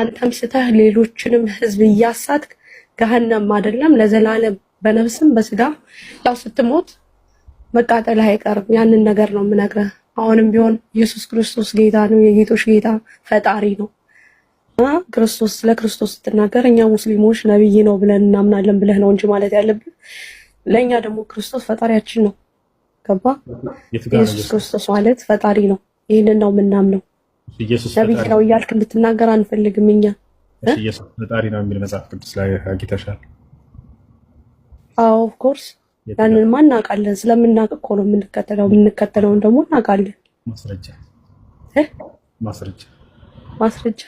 አንተም ስተህ ሌሎችንም ህዝብ እያሳትክ ገሀነም አይደለም ለዘላለም በነፍስም በስጋ ያው ስትሞት መቃጠል አይቀርም። ያንን ነገር ነው የምነግርህ። አሁንም ቢሆን ኢየሱስ ክርስቶስ ጌታ ነው፣ የጌቶች ጌታ ፈጣሪ ነው እና ክርስቶስ ለክርስቶስ ስትናገር እኛ ሙስሊሞች ነብይ ነው ብለን እናምናለን ብለህ ነው እንጂ ማለት ያለብን ለእኛ ደግሞ ክርስቶስ ፈጣሪያችን ነው። ገባ? ኢየሱስ ክርስቶስ ማለት ፈጣሪ ነው። ይህንን ነው የምናምነው። ኢየሱስ ዳዊት ነው እያልክ እንድትናገር አንፈልግም እኛ። ኢየሱስ ፈጣሪ ነው የሚል መጽሐፍ ቅዱስ ላይ አግኝተሻል? አዎ ኦፍ ኮርስ ያንንማ እናውቃለን። ስለምናውቅ እኮ ነው የምንከተለው። የምንከተለውን ደግሞ እናውቃለን። ማስረጃ ማስረጃ ማስረጃ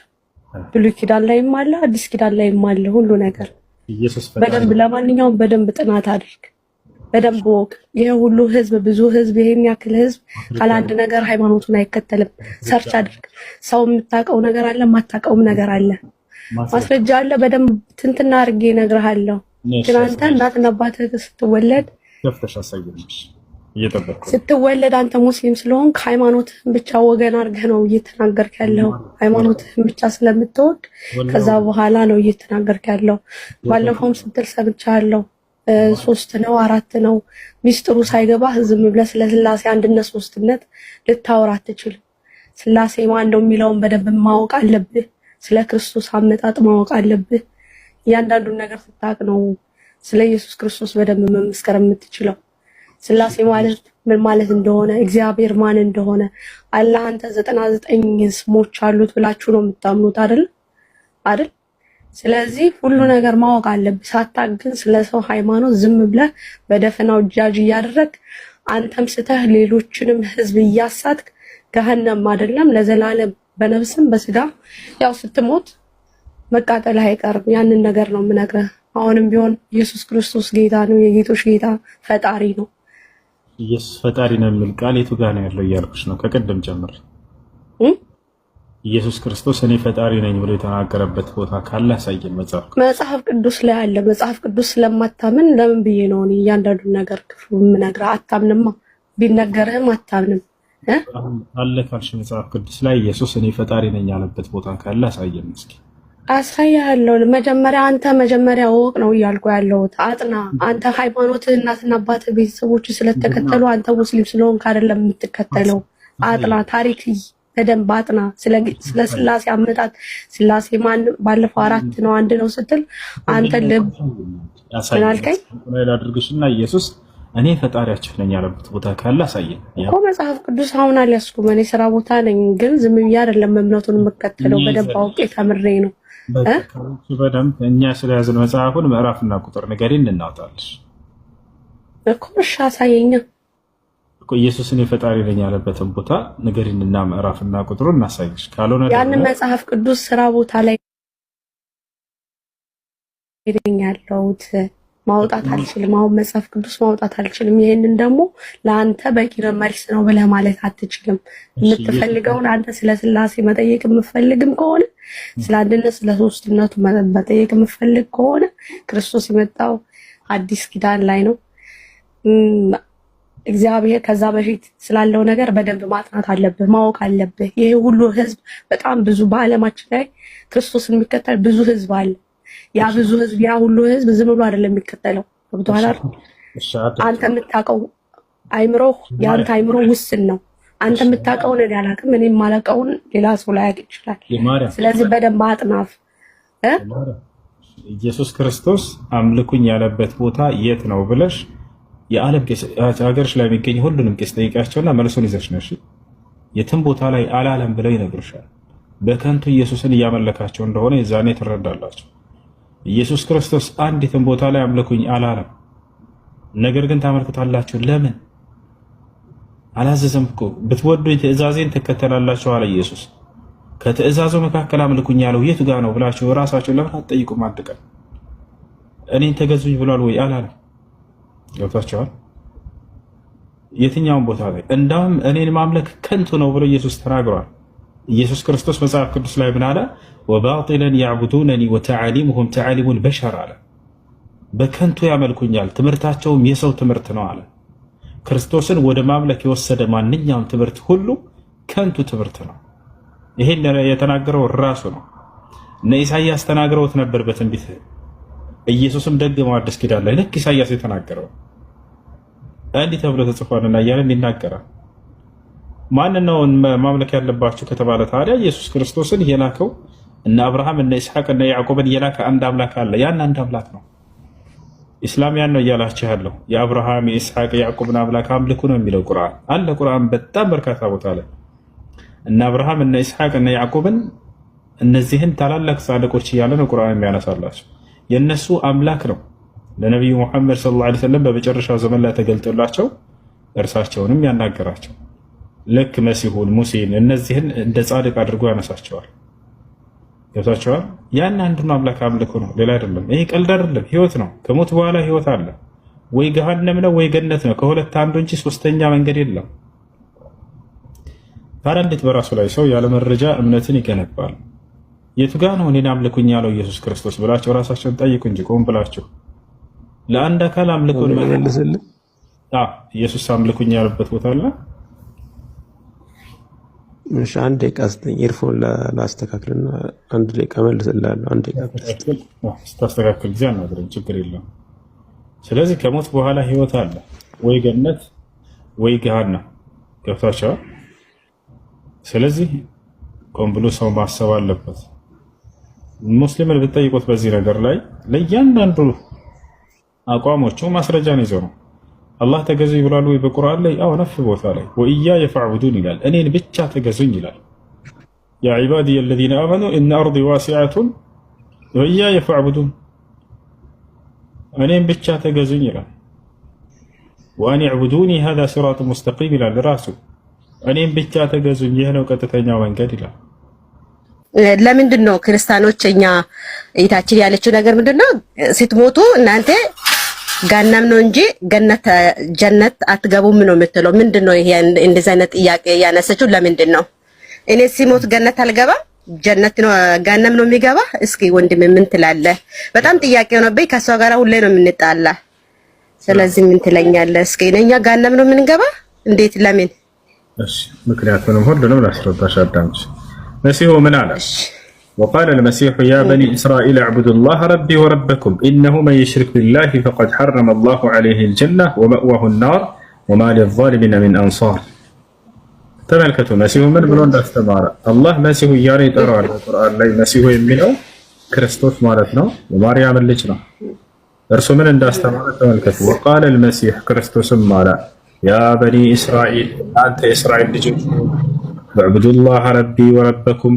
ብሉይ ኪዳን ላይም አለ፣ አዲስ ኪዳን ላይም አለ። ሁሉ ነገር ኢየሱስ ፈጣሪ በደንብ ለማንኛውም በደንብ ጥናት አድርግ። በደንብ ወቅ። ይሄ ሁሉ ህዝብ ብዙ ህዝብ ይሄን ያክል ህዝብ ካላንድ ነገር ሃይማኖቱን አይከተልም። ሰርች አድርግ። ሰው የምታውቀው ነገር አለ፣ የማታውቀውም ነገር አለ፣ ማስረጃ አለ። በደንብ ትንትና አድርጌ እነግርሃለሁ። ግን አንተ እናትና አባትህ ስትወለድ ስትወለድ አንተ ሙስሊም ስለሆን ሃይማኖትህን ብቻ ወገን አድርገህ ነው እየተናገርክ ያለው። ሃይማኖትህን ብቻ ስለምትወድ ከዛ በኋላ ነው እየተናገርክ ያለው። ባለፈውም ስትል ሰምቻለሁ። ሶስት ነው አራት ነው ሚስጥሩ ሳይገባ ዝም ብለህ ስለ ስላሴ አንድነት ሶስትነት ልታወራ አትችልም። ስላሴ ማን ነው የሚለውን በደንብ ማወቅ አለብህ። ስለ ክርስቶስ አመጣጥ ማወቅ አለብህ። እያንዳንዱን ነገር ስታቅ ነው ስለ ኢየሱስ ክርስቶስ በደንብ መመስከር የምትችለው። ስላሴ ማለት ምን ማለት እንደሆነ፣ እግዚአብሔር ማን እንደሆነ አላህ አንተ ዘጠና ዘጠኝ ስሞች አሉት ብላችሁ ነው የምታምኑት አይደል አይደል ስለዚህ ሁሉ ነገር ማወቅ አለብህ። ሳታግን ስለ ሰው ሃይማኖት ዝም ብለህ በደፈናው ጃጅ እያደረግ አንተም ስተህ ሌሎችንም ህዝብ እያሳትክ ገሀነም አይደለም ለዘላለም በነፍስም በስጋ ያው ስትሞት መቃጠል አይቀርም። ያንን ነገር ነው የምነግርህ። አሁንም ቢሆን ኢየሱስ ክርስቶስ ጌታ ነው፣ የጌቶች ጌታ ፈጣሪ ነው። ኢየሱስ ፈጣሪ ነው የሚል ቃል የቱ ጋር ነው ያለው እያልኩሽ ነው ከቅድም ጀምር ኢየሱስ ክርስቶስ እኔ ፈጣሪ ነኝ ብሎ የተናገረበት ቦታ ካለ ያሳየን። መጽሐፍ መጽሐፍ ቅዱስ ላይ አለ። መጽሐፍ ቅዱስ ስለማታምን ለምን ብዬ ነው እኔ እያንዳንዱን ነገር ክፍሉ የምነግረ? አታምንማ። ቢነገርህም አታምንም አለ ካልሽ መጽሐፍ ቅዱስ ላይ ኢየሱስ እኔ ፈጣሪ ነኝ ያለበት ቦታ ካለ ያሳየን እስኪ። አሳያለሁ። መጀመሪያ አንተ መጀመሪያ ወቅ ነው እያልኩ ያለሁት አጥና። አንተ ሃይማኖት እናትና አባትህ ቤተሰቦች ስለተከተሉ አንተ ሙስሊም ስለሆንክ አይደለም የምትከተለው። አጥና ታሪክ በደንብ አጥና ስለ ስላሴ አመጣት። ስላሴ ማን ባለፈው አራት ነው አንድ ነው ስትል አንተ ልብ ምናልከኝ አድርግሽና ኢየሱስ እኔ ፈጣሪያችሁ ነኝ ያለበት ቦታ ካለ አሳየ እኮ መጽሐፍ ቅዱስ። አሁን አልያዝኩም እኔ ስራ ቦታ ነኝ፣ ግን ዝም ብዬ አይደለም እምነቱን የምከተለው በደንብ አውቄ ተምሬ ነው። በደንብ እኛ ስለያዝን መጽሐፉን ምዕራፍና ቁጥር ንገሪ እናውጣለሽ እኮ እሺ፣ አሳየኛ ኢየሱስን የፈጣሪ ነኝ ያለበትን ቦታ ንገሪንና ምዕራፍና ቁጥሩ እናሳይሽ። ካልሆነ ያን መጽሐፍ ቅዱስ ስራ ቦታ ላይ ሄደኝ ማውጣት አልችልም። አሁን መጽሐፍ ቅዱስ ማውጣት አልችልም። ይሄንን ደግሞ ለአንተ በቂ መልስ ነው ብለህ ማለት አትችልም። የምትፈልገውን አንተ ስለ ስላሴ መጠየቅ የምፈልግም ከሆነ ስለ አንድነት፣ ስለ ሶስትነቱ መጠየቅ የምፈልግ ከሆነ ክርስቶስ የመጣው አዲስ ኪዳን ላይ ነው። እግዚአብሔር ከዛ በፊት ስላለው ነገር በደንብ ማጥናት አለብህ፣ ማወቅ አለብህ። ይሄ ሁሉ ህዝብ በጣም ብዙ፣ በአለማችን ላይ ክርስቶስን የሚከተል ብዙ ህዝብ አለ። ያ ብዙ ህዝብ ያ ሁሉ ህዝብ ዝም ብሎ አይደለም የሚከተለው። ገብቶሃል አንተ የምታውቀው አይምሮ የአንተ አይምሮ ውስን ነው። አንተ የምታውቀውን እኔ አላውቅም፣ እኔ የማላውቀውን ሌላ ሰው ላያውቅ ይችላል። ስለዚህ በደንብ አጥናፍ። ኢየሱስ ክርስቶስ አምልኩኝ ያለበት ቦታ የት ነው ብለሽ የዓለም ቄስ ሀገርሽ ላይ የሚገኝ ሁሉንም ቄስ ጠይቃቸውና መልሶን ይዘሽ ነሽ። የትም ቦታ ላይ አላለም ብለው ይነግሩሻል። በከንቱ ኢየሱስን እያመለካቸው እንደሆነ የዛኔ ትረዳላቸው። ኢየሱስ ክርስቶስ አንድ የትም ቦታ ላይ አምልኩኝ አላለም። ነገር ግን ታመልክታላችሁ። ለምን አላዘዘም እኮ። ብትወዱኝ ትእዛዜን ትከተላላችሁ አለ ኢየሱስ። ከትእዛዙ መካከል አምልኩኝ ያለው የቱ ጋ ነው ብላችሁ እራሳችሁ ለምን አትጠይቁም? አንድ ቀን እኔን ተገዙኝ ብሏል ወይ አላለም? ገብቷቸዋል። የትኛውን ቦታ ላይ እንዳውም እኔን ማምለክ ከንቱ ነው ብሎ ኢየሱስ ተናግሯል። ኢየሱስ ክርስቶስ መጽሐፍ ቅዱስ ላይ ምን አለ? ወባጢለን ያዕቡዱነኒ ወተዓሊሙሁም ተዓሊሙን በሸር አለ። በከንቱ ያመልኩኛል፣ ትምህርታቸውም የሰው ትምህርት ነው አለ። ክርስቶስን ወደ ማምለክ የወሰደ ማንኛውም ትምህርት ሁሉ ከንቱ ትምህርት ነው። ይሄን የተናገረው ራሱ ነው። እነ ኢሳያስ ተናግረውት ነበር በትንቢት ኢየሱስም ደግሞ አዲስ ኪዳን ላይ ልክ ኢሳያስ የተናገረው እንዲህ ተብሎ ተጽፏልና እያለን ይናገራል። ማን ነው ማምለክ ያለባችሁ ከተባለ ታዲያ ኢየሱስ ክርስቶስን የላከው እነ አብርሃም እነ ኢስሐቅ እነ ያዕቆብን እየላከ አንድ አምላክ አለ። ያን አንድ አምላክ ነው። ኢስላም ያን ነው እያላችሁ ያለው የአብርሃም የኢስሐቅ የያዕቆብን አምላክ አምልኩ ነው የሚለው ቁርአን አለ። ቁርአን በጣም በርካታ ቦታ ላይ እነ አብርሃም እነ ኢስሐቅ እነ ያዕቆብን እነዚህን ታላላቅ ጻድቆች እያለ ነው ቁርአን የሚያነሳላቸው የእነሱ አምላክ ነው። ለነቢዩ ሙሐመድ ሰለላሁ ዓለይሂ ወሰለም በመጨረሻው ዘመን ላይ ተገልጦላቸው እርሳቸውንም ያናገራቸው ልክ መሲሁን፣ ሙሴን እነዚህን እንደ ጻድቅ አድርጎ ያነሳቸዋል። ገብታቸዋል። ያን አንዱን አምላክ አምልኮ ነው፣ ሌላ አይደለም። ይሄ ቀልድ አይደለም፣ ህይወት ነው። ከሞት በኋላ ህይወት አለ። ወይ ገሃነም ነው ወይ ገነት ነው። ከሁለት አንዱ እንጂ ሶስተኛ መንገድ የለም። ታዲያ እንዴት በራሱ ላይ ሰው ያለመረጃ እምነትን ይገነባል? የቱ ጋ ነው እኔን አምልኩኝ ያለው ኢየሱስ ክርስቶስ ብላችሁ ራሳችሁን ጠይቁ እንጂ ቆም ብላችሁ ለአንድ አካል አምልኮን መልስልን። ኢየሱስ አምልኩኝ ያለበት ቦታ አለ? እሺ አንድ ደቂቃ ስጠኝ፣ ኢርፎን ላስተካክልና አንድ ደቂቃ መልስላለሁ። አንድ ደቂቃ ስታስተካክል ጊዜ አናግረኝ፣ ችግር የለም። ስለዚህ ከሞት በኋላ ህይወት አለ ወይ ገነት ወይ ገሃና ገብታችኋል? ስለዚህ ቆም ብሎ ሰው ማሰብ አለበት። ሙስሊምን ብትጠይቁት በዚህ ነገር ላይ ለእያንዳንዱ አቋሞቹ ማስረጃን ይዘው ነው። አላህ ተገዙኝ ብሏል ወይ? በቁርአን ላይ አዎ፣ ነፍ ቦታ ላይ ወኢያየ ፈዕቡዱን ይላል። እኔን ብቻ ተገዙኝ ይላል። ያ ዒባዲየ አለዚነ አመኑ እነ አርዲ ዋሲዐቱን ወኢያየ ፈዕቡዱን፣ እኔን ብቻ ተገዙኝ ይላል። ወአን ዕቡዱኒ ሃዛ ሲራጡ ሙስተቂም ይላል ራሱ። እኔን ብቻ ተገዙኝ፣ ይህ ነው ቀጥተኛ መንገድ ይላል። ለምንድን ነው ክርስቲያኖች እኛ እይታችን ያለችው ነገር ምንድን ነው? ስትሞቱ እናንተ ገናም ነው እንጂ ገነት ጀነት አትገቡም ነው የምትለው። ምንድን ነው ይሄ? እንደዚህ አይነት ጥያቄ ያነሰችው ለምንድን ነው? እኔ ሲሞት ገነት አልገባም ጀነት ነው ገናም ነው የሚገባ? እስኪ ወንድም ምን ትላለህ? በጣም ጥያቄ ሆነብኝ። ከሷ ጋር ሁሌ ነው የምንጣላ። ስለዚህ ምን ትለኛለህ? እስኪ እኛ ገናም ነው የምንገባ? እንዴት? ለምን? እሺ ምክንያቱንም ሁሉንም ላስረዳሽ አዳምጪ المسيح ምን አለ وقال المسيح يا بني إسرائيل اعبدوا الله ربي وربكم إنه من يشرك بالله فقد حرم الله عليه الجنة ومأواه النار وما للظالمين من أنصار ተመልከቱ መሲሁ ምን ብሎ እንዳስተማረ አላህ መሲሁ እያለ ይጠራዋል በቁርአን ላይ መሲሁ የሚለው ክርስቶስ ማለት ነው የማርያም ልጅ ነው እርሱ ምን እንዳስተማረ ተመልከቱ ወቃለ ልመሲሕ ክርስቶስም አለ ያ በኒ እስራኤል እናንተ እስራኤል ልጆች ወዕቡዱላህ ረቢ ወረበኩም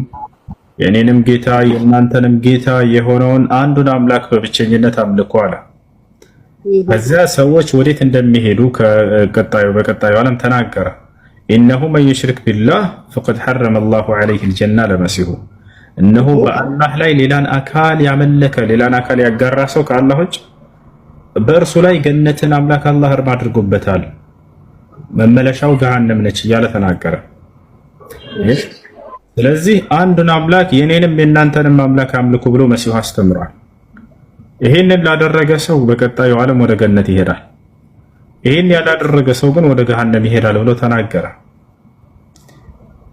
የእኔንም ጌታ የእናንተንም ጌታ የሆነውን አንዱን አምላክ በብቸኝነት አምልኩ አለ። ከዚያ ሰዎች ወዴት እንደሚሄዱ በቀጣዩ ዓለም ተናገረ። ኢነሁ መን ዩሽሪክ ቢላህ ፈቀድ ሐረመ ላሁ ዓለይሂል ጀና ለመሲሁ እነሆ በአላህ ላይ ሌላን አካል ያመለከ ሌላን አካል ያጋራ ሰው ከአላህ ውጭ በእርሱ ላይ ገነትን አምላክ አላህ እርም አድርጎበታል፣ መመለሻው ገሃነም ነች እያለ ተናገረ። ስለዚህ አንዱን አምላክ የኔንም የእናንተንም አምላክ አምልኩ ብሎ መሲሁ አስተምሯል። ይሄንን ላደረገ ሰው በቀጣዩ ዓለም ወደ ገነት ይሄዳል፣ ይህን ያላደረገ ሰው ግን ወደ ገሃነም ይሄዳል ብሎ ተናገረ።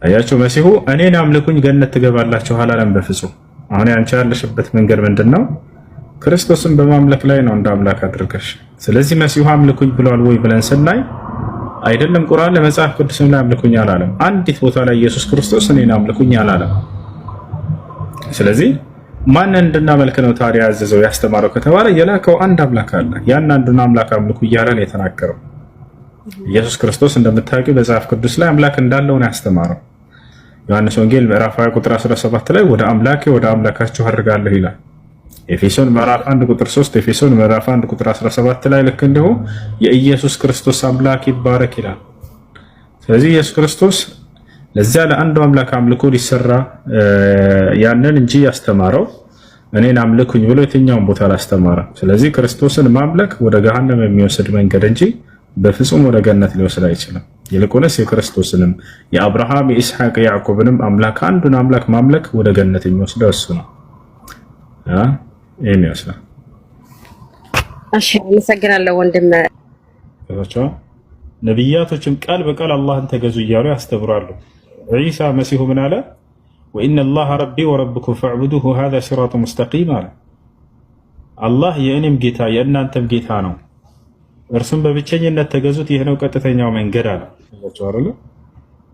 አያቸው መሲሁ እኔን አምልኩኝ ገነት ትገባላችሁ አላለም በፍጹም። አሁን አንቺ ያለሽበት መንገድ ምንድን ነው? ክርስቶስን በማምለክ ላይ ነው እንደ አምላክ አድርገሽ። ስለዚህ መሲሁ አምልኩኝ ብሏል ወይ ብለን ስናይ አይደለም ቁርአን ለመጽሐፍ ቅዱስ ምን አምልኩኝ አላለም። አንዲት ቦታ ላይ ኢየሱስ ክርስቶስ እኔን አምልኩኝ አላለም። ስለዚህ ማንን እንድናመልክ ነው ታዲያ ያዘዘው ያስተማረው ከተባለ የላከው አንድ አምላክ አለ። ያን አንዱን አምላክ አምልኩ እያለ ነው የተናገረው። ኢየሱስ ክርስቶስ እንደምታውቂው መጽሐፍ ቅዱስ ላይ አምላክ እንዳለው ነው ያስተማረው። ዮሐንስ ወንጌል ምዕራፍ 2 ቁጥር 17 ላይ ወደ አምላኬ ወደ አምላካችሁ አድርጋለሁ ይላል። ኤፌሶን ምዕራፍ 1 ቁጥር 3 ኤፌሶን ምዕራፍ 1 ቁጥር 17 ላይ ልክ እንዲሁ የኢየሱስ ክርስቶስ አምላክ ይባረክ ይላል። ስለዚህ ኢየሱስ ክርስቶስ ለዚያ ለአንዱ አምላክ አምልኮ ሊሰራ ያንን እንጂ ያስተማረው እኔን አምልኩኝ ብሎ የትኛውን ቦታ አላስተማረም። ስለዚህ ክርስቶስን ማምለክ ወደ ገሃነም የሚወስድ መንገድ እንጂ በፍጹም ወደ ገነት ሊወስድ አይችልም። ይልቁንስ የክርስቶስንም የአብርሃም የኢስሐቅ የያዕቆብንም አምላክ አንዱን አምላክ ማምለክ ወደ ገነት የሚወስደው እሱ ነው። ይህን ይመስላል። አመሰግናለሁ ወንድም ቸው ነቢያቶችም ቃል በቃል አላህን ተገዙ እያሉ ያስተምራሉ። ዒሳ መሲሁ ምን አለ? ወኢነ ላህ ረቢ ወረብኩም ፈዕቡዱሁ ሃዛ ሲራጡ ሙስተቂም አለ። አላህ የእኔም ጌታ የእናንተም ጌታ ነው፣ እርሱም በብቸኝነት ተገዙት፣ ይህ ነው ቀጥተኛው መንገድ አለ።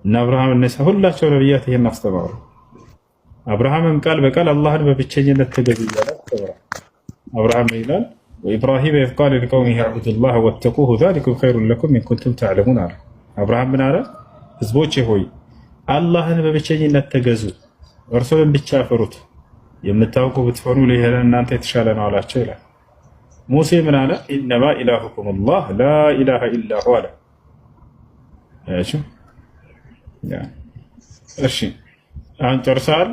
እና አብርሃም እነሳ ሁላቸው ነቢያት ይህን አስተማሩ። አብርሃምም ቃል በቃል አላህን በብቸኝነት ተገዝያለሁ ተብሏል። አብርሃም ይላል ወኢብራሂም ኢዝ ቃለ ሊቀውሚሂ ዕቡዱላህ ወተቁሁ ዛሊኩም ኸይሩን ለኩም ኢን ኩንቱም ተዕለሙን አለ። አብርሃም ምን አለ? ህዝቦቼ ሆይ አላህን በብቸኝነት ተገዙ፣ እርሱንም ብቻ ፍሩት፣ የምታውቁ ብትሆኑ ይህ ለእናንተ የተሻለ ነው አላቸው ይላል። ሙሴ ምን አለ? ኢነማ ኢላሁኩም አላህ ላ ኢላሃ ኢላ ሁ አለ። እሺ አሁን ጨርሰሃል?